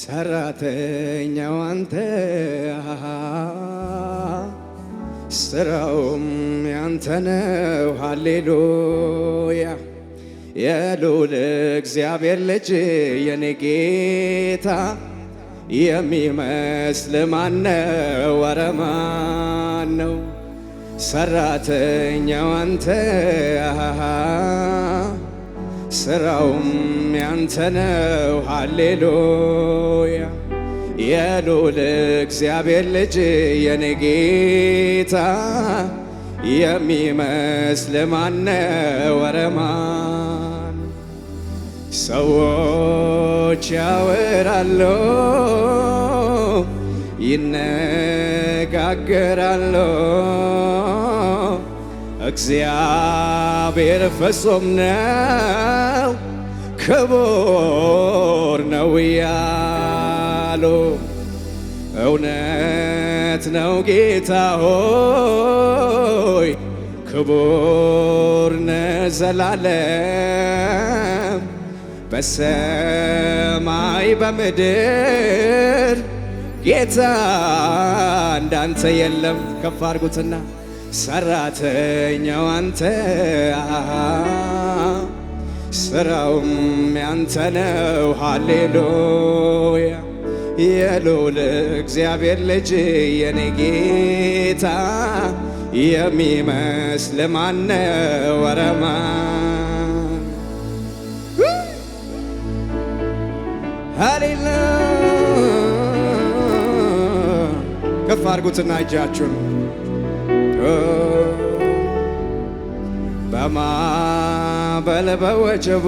ሰራተኛው አንተ ስራውም ያንተ ነው። ሃሌሉያ የልዑል እግዚአብሔር ልጅ የኔ ጌታ የሚመስል ማነው? ኧረ ማን ነው? ሰራተኛው አንተ ስራውም ያንተ ነው። ሃሌሉያ የልዑል እግዚአብሔር ልጅ የኔ ጌታ የሚመስል ማነው? ኧረ ሰዎች ያወራሉ፣ ይነጋገራሉ እግዚአብሔር ፍጹም ነው ክቡር ነው እያሉ እውነት ነው ጌታ ሆይ ክቡር ነህ ዘላለም በሰማይ በምድር ጌታ እንዳንተ የለም። ከፍ አድርጉትና ሰራተኛው አንተ ስራውም ያንተ ነው። ሃሌሉያ የልዑል እግዚአብሔር ልጅ የኔ ጌታ የሚመስል ማነው? ወረማ ሃሌሉያ ከፍ አድርጉትና እጃችሁን በማዕበል በወጀብ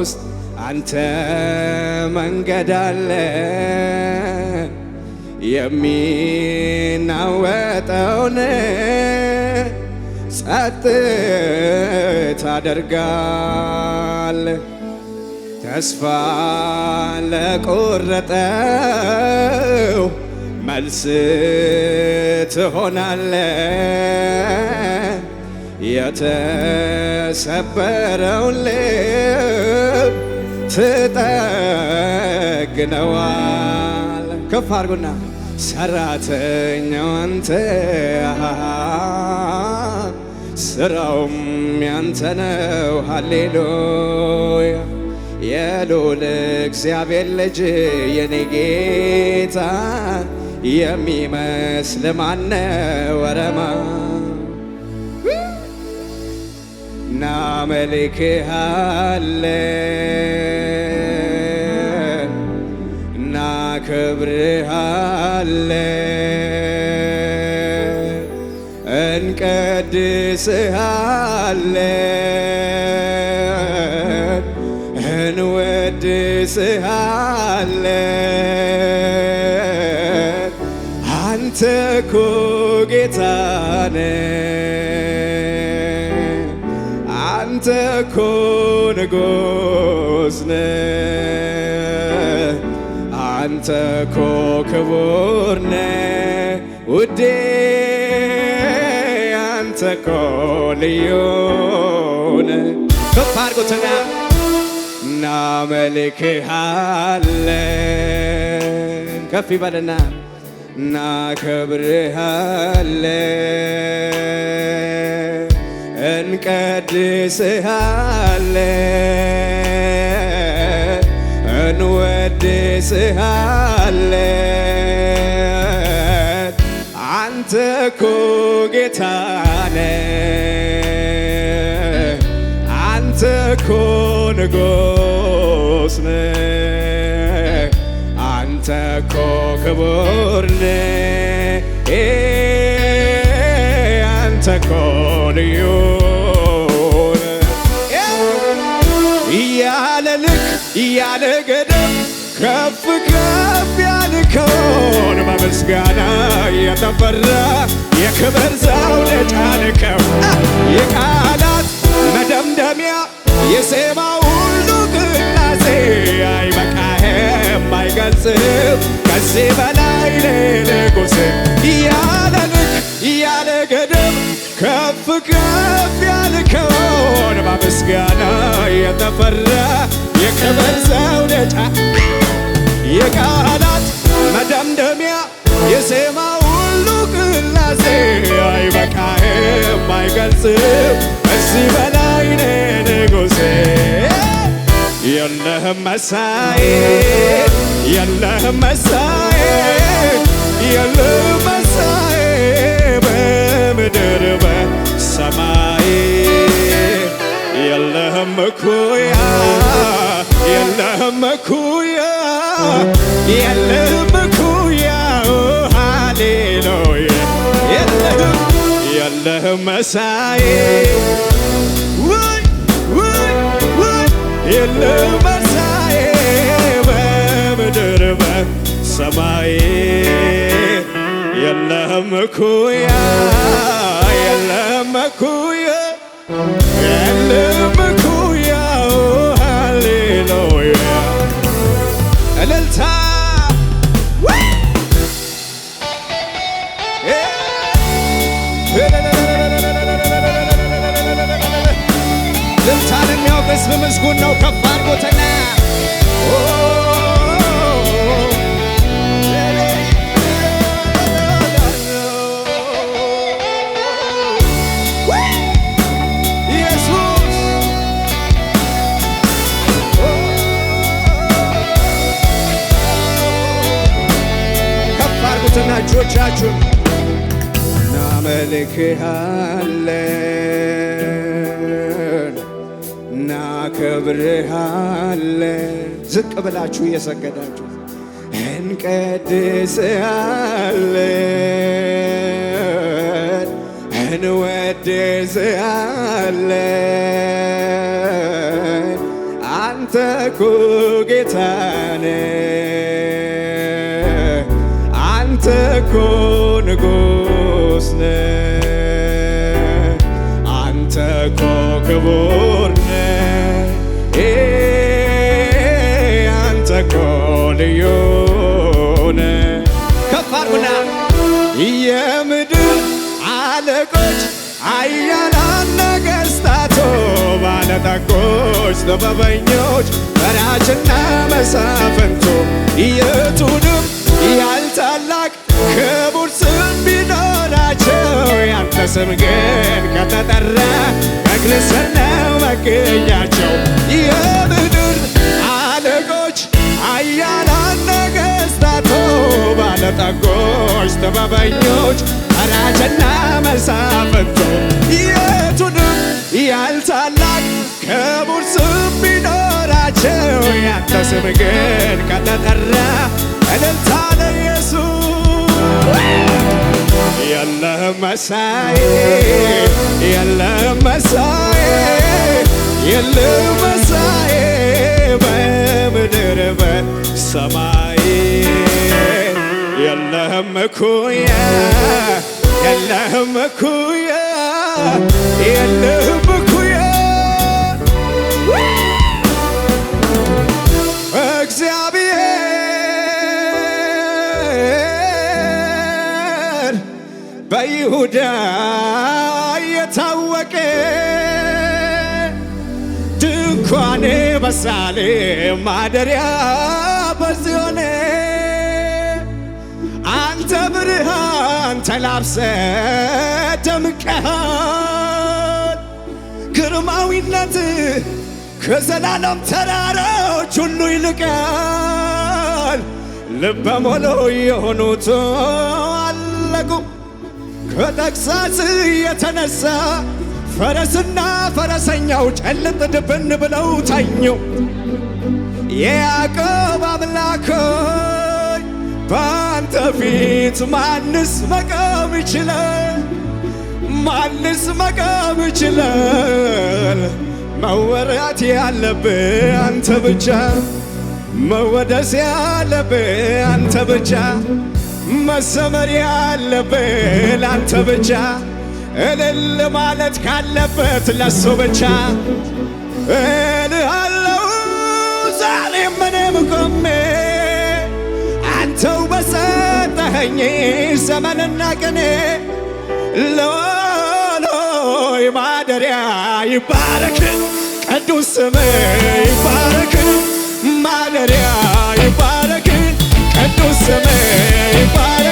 ውስጥ አንተ መንገድ አለ የሚናወጠውን ጸጥ ታደርጋል። ተስፋ ለቆረጠው መልስ ትሆናለ የተሰበረው ልብ ትጠግነዋል። ከፍ አድርጉና ሰራተኛው አንተ ስራውም ያንተ ነው። ሃሌሉያ የልዑል እግዚአብሔር ልጅ የኔ ጌታ የሚመስል ማነ ወረማ እናመልክሃለን፣ እናከብርሃለን፣ እንቀድስሃለን፣ እንወድስሃለን አንተ እኮ ጌታ ነህ፣ አንተ እኮ ንጉሥ ነህ፣ አንተ እኮ ክቡር ውዴ አንተ እኮ ልዩ ከፍ አድርጉትና እናመልክሃለን ከፍ ይበልና እናከብርሃለን እንቀድስሃለን እንወድስሃለን አንተ እኮ ጌታነ አንተ እኮ ንጉሥ እኮ አንተ እኮ እያለ ልክ እያለ ገደብ ከፍ ከፍ ያልከውን በምስጋና የተፈራ የክብር ዘው ለጫንከው የቃላት መደምደሚያ የዜማው አይገልጽም ከዚህ በላይ ሌሌጎሴ እያለ ልክ እያለ ገደብ ከፍ ከፍ ያልከውን በምስጋና የተፈራ የክብር ዘውደጫ የቃላት መደምደሚያ የዜማ ሁሉ ቅላሴ አይበቃህም አይገልጽም እዚህ በላይ የለህም መሳይ የለህም መሳይ የለህም መሳዬ በምድር በሰማይ የለህም እኩያ የለህም እኩያ የለህም እኩያ ሃሌሉያ የለህም የለህም መሳይ የለም መርሳዬ በምድር በሰማይ የለም እኩያ የለም እኩያ እናከብርሃለ ዝቅ ብላችሁ እየሰገዳችሁ እንቀድስሃለን እንወድስሃለን አንተ ኩ ጌታነ አንተ ኩ ንጉስነ አንተ ኮ ክቡርነ ነጣቆች፣ ጥበበኞች፣ ፈራጅና መሳፍንቱ የቱንም ያህል ታላቅ ክቡር ስም ቢኖራቸው ያንተ ስም ግን ከተጠራ መግነሰና መገኛቸው የምድር አለቆች አያላን ነገሥታቶ ባለጠጎች ጥበበኞች ፈራጅና መሳፍንቱ የቱ ያል ታላቅ ክቡር ስም ቢኖራቸው ያንተ ስም ግን ከተጠራ እልልታ ለኢየሱስ የለህም መሳይ የለህም መሳይ የለህም መሳይ በምድር በሰማይ የለህም እኩያ የለህም እኩያ የለህም እኩያ እግዚአብሔር በይሁዳ የታወቀ ድንኳኔ በሳሌ ማደሪያ በዚዮን ተላብሰ ደምቀሃል ግርማዊነት ከዘላለም ተራሮች ሁሉ ይልቃል። ልበ ሙሉ የሆኑት አለቁ። ከተግሣጽ የተነሳ ፈረስና ፈረሰኛው ጨልጥ ድብን ብለው ተኙ። የያዕቆብ አምላክ በአንተ ፊት ማንስ መቆም ይችላል? ማንስ መቆም ይችላል? መወራት ያለብህ አንተ ብቻ፣ መወደስ ያለብህ አንተ ብቻ፣ መሰመር ያለብህ ለአንተ ብቻ፣ እልል ማለት ካለበት ለሱ ብቻ እልሃለው ዛሬ ምንም ቆሜ ሰው በሰጠኸኝ ዘመንና ቅኔ ሎሎይ ማደሪያ ይባረክ ቅዱስ ስም ይባረክ ማደሪያ ይባረክ ቅዱስ ስም ይባረክ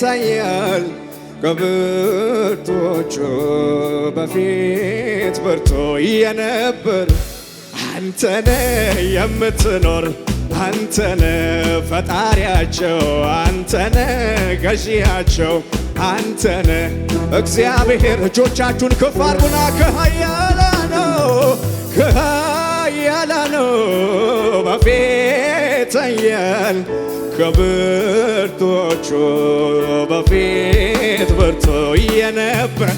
ይታያል ከብርቶቹ በፊት ብርቱ የነበር አንተነ የምትኖር አንተነ ፈጣሪያቸው አንተነ ገዢያቸው አንተነ እግዚአብሔር። እጆቻችሁን ከፍ አድርጉና ከኃያላ ነው ከኃያላ ነው በፊት ታያል ከብርቶቹ በፊት ብርቱ የነበረ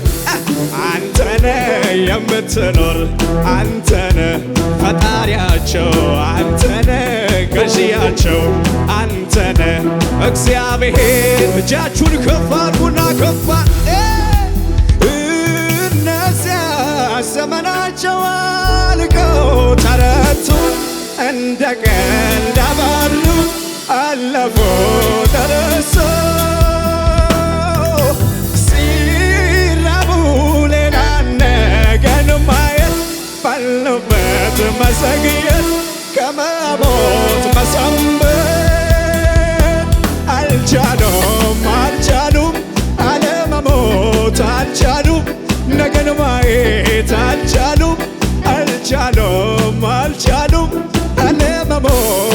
አንተነ የምትኖር አንተነ ፈጣሪያቸው አንተነ ገዢያቸው አንተነ እግዚአብሔር። እጃችሁን ከፍ ቡና ከፍ እነዚያ ዘመናቸው አልቀው ተረቱ እንደ ቀን አለፈው ደረሰ ሲራቡ ሌላ ነገን ማየት ባለበት መዘግየት ከመሞት መሰንበት አልቻሉም አልቻሉም አለመሞት አልቻሉም ነገን ማየት አልቻሉም አልቻሉም አልቻሉም አለመሞት